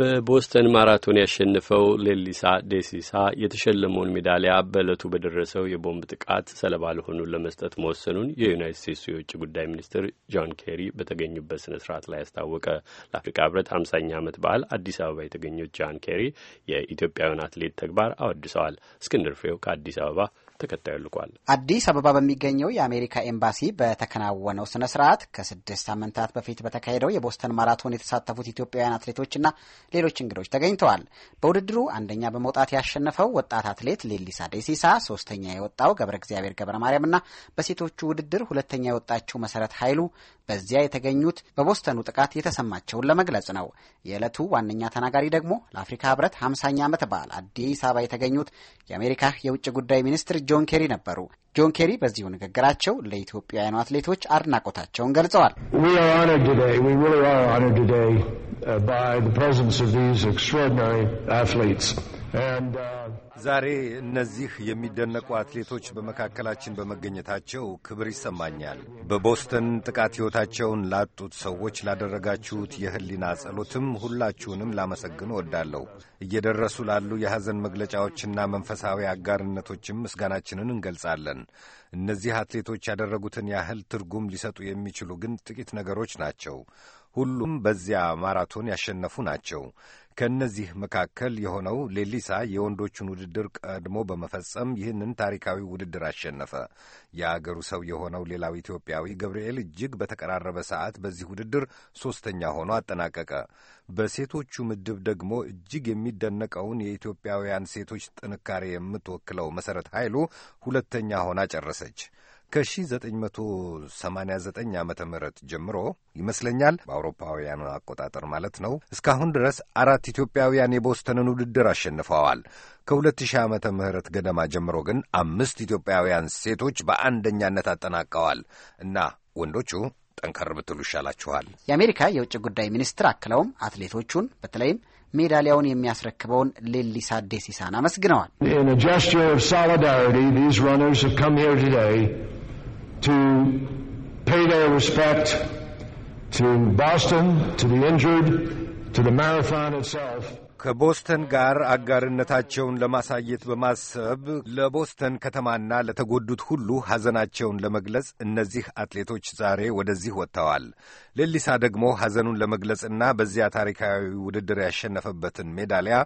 በቦስተን ማራቶን ያሸነፈው ሌሊሳ ዴሲሳ የተሸለመውን ሜዳሊያ በዕለቱ በደረሰው የቦምብ ጥቃት ሰለባ ለሆኑ ለመስጠት መወሰኑን የዩናይት ስቴትሱ የውጭ ጉዳይ ሚኒስትር ጆን ኬሪ በተገኙበት ስነ ስርዓት ላይ አስታወቀ። ለአፍሪካ ህብረት ሀምሳኛ ዓመት በዓል አዲስ አበባ የተገኙት ጆን ኬሪ የኢትዮጵያውያን አትሌት ተግባር አወድሰዋል። እስክንድር ፍሬው ከአዲስ አበባ ተከታዩ ልኳል። አዲስ አበባ በሚገኘው የአሜሪካ ኤምባሲ በተከናወነው ስነ ስርዓት ከስድስት ሳምንታት በፊት በተካሄደው የቦስተን ማራቶን የተሳተፉት ኢትዮጵያውያን አትሌቶችና ሌሎች እንግዶች ተገኝተዋል። በውድድሩ አንደኛ በመውጣት ያሸነፈው ወጣት አትሌት ሌሊሳ ደሲሳ፣ ሶስተኛ የወጣው ገብረ እግዚአብሔር ገብረ ማርያምና በሴቶቹ ውድድር ሁለተኛ የወጣችው መሰረት ኃይሉ በዚያ የተገኙት በቦስተኑ ጥቃት የተሰማቸውን ለመግለጽ ነው። የዕለቱ ዋነኛ ተናጋሪ ደግሞ ለአፍሪካ ህብረት ሃምሳኛ ዓመት በዓል አዲስ አበባ የተገኙት የአሜሪካ የውጭ ጉዳይ ሚኒስትር ጆን ኬሪ ነበሩ። ጆን ኬሪ በዚሁ ንግግራቸው ለኢትዮጵያውያኑ አትሌቶች አድናቆታቸውን ገልጸዋል። ዛሬ እነዚህ የሚደነቁ አትሌቶች በመካከላችን በመገኘታቸው ክብር ይሰማኛል። በቦስተን ጥቃት ሕይወታቸውን ላጡት ሰዎች ላደረጋችሁት የሕሊና ጸሎትም ሁላችሁንም ላመሰግን እወዳለሁ። እየደረሱ ላሉ የሐዘን መግለጫዎችና መንፈሳዊ አጋርነቶችም ምስጋናችንን እንገልጻለን። እነዚህ አትሌቶች ያደረጉትን ያህል ትርጉም ሊሰጡ የሚችሉ ግን ጥቂት ነገሮች ናቸው። ሁሉም በዚያ ማራቶን ያሸነፉ ናቸው። ከእነዚህ መካከል የሆነው ሌሊሳ የወንዶቹን ውድድር ቀድሞ በመፈጸም ይህንን ታሪካዊ ውድድር አሸነፈ። የአገሩ ሰው የሆነው ሌላው ኢትዮጵያዊ ገብርኤል እጅግ በተቀራረበ ሰዓት በዚህ ውድድር ሦስተኛ ሆኖ አጠናቀቀ። በሴቶቹ ምድብ ደግሞ እጅግ የሚደነቀውን የኢትዮጵያውያን ሴቶች ጥንካሬ የምትወክለው መሠረት ኃይሉ ሁለተኛ ሆና ጨረሰች። ከ1989 ዓ ም ጀምሮ ይመስለኛል በአውሮፓውያኑ አቆጣጠር ማለት ነው እስካሁን ድረስ አራት ኢትዮጵያውያን የቦስተንን ውድድር አሸንፈዋል። ከ2000 ዓ ም ገደማ ጀምሮ ግን አምስት ኢትዮጵያውያን ሴቶች በአንደኛነት አጠናቀዋል እና ወንዶቹ ጠንከር ብትሉ ይሻላችኋል። የአሜሪካ የውጭ ጉዳይ ሚኒስትር አክለውም አትሌቶቹን በተለይም ሜዳሊያውን የሚያስረክበውን ሌሊሳ ዴሲሳን አመስግነዋል። to pay their respect to Boston, to the injured, to the marathon itself. ከቦስተን ጋር አጋርነታቸውን ለማሳየት በማሰብ ለቦስተን ከተማና ለተጎዱት ሁሉ ሐዘናቸውን ለመግለጽ እነዚህ አትሌቶች ዛሬ ወደዚህ ወጥተዋል። ሌሊሳ ደግሞ ሐዘኑን ለመግለጽና በዚያ ታሪካዊ ውድድር ያሸነፈበትን ሜዳሊያ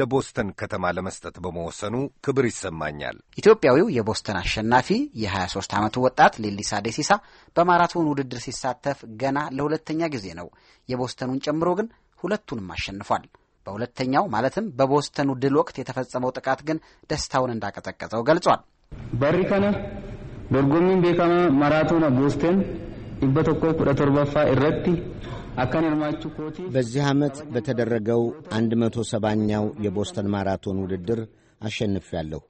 ለቦስተን ከተማ ለመስጠት በመወሰኑ ክብር ይሰማኛል። ኢትዮጵያዊው የቦስተን አሸናፊ የ23 ዓመቱ ወጣት ሌሊሳ ደሲሳ በማራቶን ውድድር ሲሳተፍ ገና ለሁለተኛ ጊዜ ነው። የቦስተኑን ጨምሮ ግን ሁለቱንም አሸንፏል። በሁለተኛው ማለትም በቦስተኑ ድል ወቅት የተፈጸመው ጥቃት ግን ደስታውን እንዳቀጠቀጠው ገልጿል። በሪከነ ዶርጎሚን ቤካማ ማራቶና ቦስተን ኢበቶኮ ቁደቶርበፋ ኢረቲ ኮቲ በዚህ ዓመት በተደረገው 170ኛው የቦስተን ማራቶን ውድድር አሸንፊያለሁ።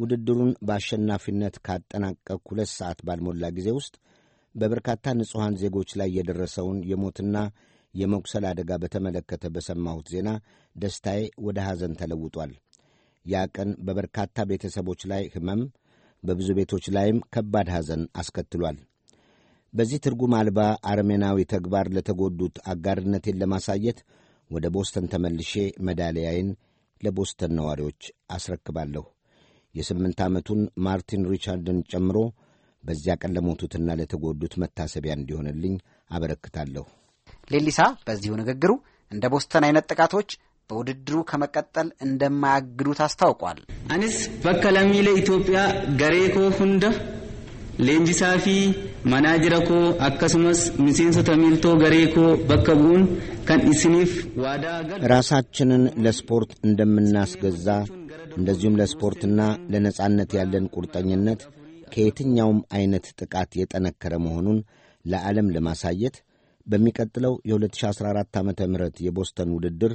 ውድድሩን በአሸናፊነት ካጠናቀቅ ሁለት ሰዓት ባልሞላ ጊዜ ውስጥ በበርካታ ንጹሐን ዜጎች ላይ የደረሰውን የሞትና የመቁሰል አደጋ በተመለከተ በሰማሁት ዜና ደስታዬ ወደ ሐዘን ተለውጧል። ያ ቀን በበርካታ ቤተሰቦች ላይ ሕመም፣ በብዙ ቤቶች ላይም ከባድ ሐዘን አስከትሏል። በዚህ ትርጉም አልባ አርሜናዊ ተግባር ለተጎዱት አጋርነቴን ለማሳየት ወደ ቦስተን ተመልሼ መዳሊያዬን ለቦስተን ነዋሪዎች አስረክባለሁ። የስምንት ዓመቱን ማርቲን ሪቻርድን ጨምሮ በዚያ ቀን ለሞቱትና ለተጎዱት መታሰቢያ እንዲሆንልኝ አበረክታለሁ። ሌሊሳ በዚሁ ንግግሩ እንደ ቦስተን አይነት ጥቃቶች በውድድሩ ከመቀጠል እንደማያግዱት አስታውቋል። አንስ በካ ላሚለ ኢትዮጵያ ገሬኮ ሁንደ ሌንጂሳፊ መናጅረኮ አከስመስ ሚሴንሶ ተሚልቶ ገሬኮ በከቡን ቡኡን ከን ኢስኒፍ ዋዳ ራሳችንን ለስፖርት እንደምናስገዛ እንደዚሁም ለስፖርትና ለነጻነት ያለን ቁርጠኝነት ከየትኛውም አይነት ጥቃት የጠነከረ መሆኑን ለዓለም ለማሳየት በሚቀጥለው የ2014 ዓ ም የቦስተን ውድድር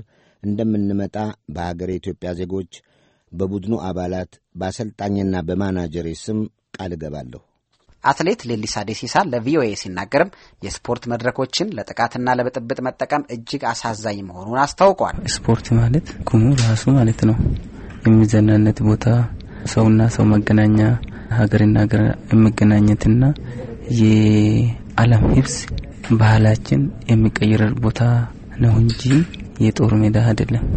እንደምንመጣ በሀገር የኢትዮጵያ ዜጎች፣ በቡድኑ አባላት፣ በአሰልጣኝና በማናጀሬ ስም ቃል እገባለሁ። አትሌት ሌሊሳ ዴሲሳ ለቪኦኤ ሲናገርም የስፖርት መድረኮችን ለጥቃትና ለብጥብጥ መጠቀም እጅግ አሳዛኝ መሆኑን አስታውቋል። ስፖርት ማለት ቁሙ ራሱ ማለት ነው። የሚዘናነት ቦታ፣ ሰውና ሰው መገናኛ፣ ሀገርና ሀገር የመገናኘትና የዓለም ህብስ ባህላችን የሚቀይረር ቦታ ነው እንጂ የጦር ሜዳ አይደለም።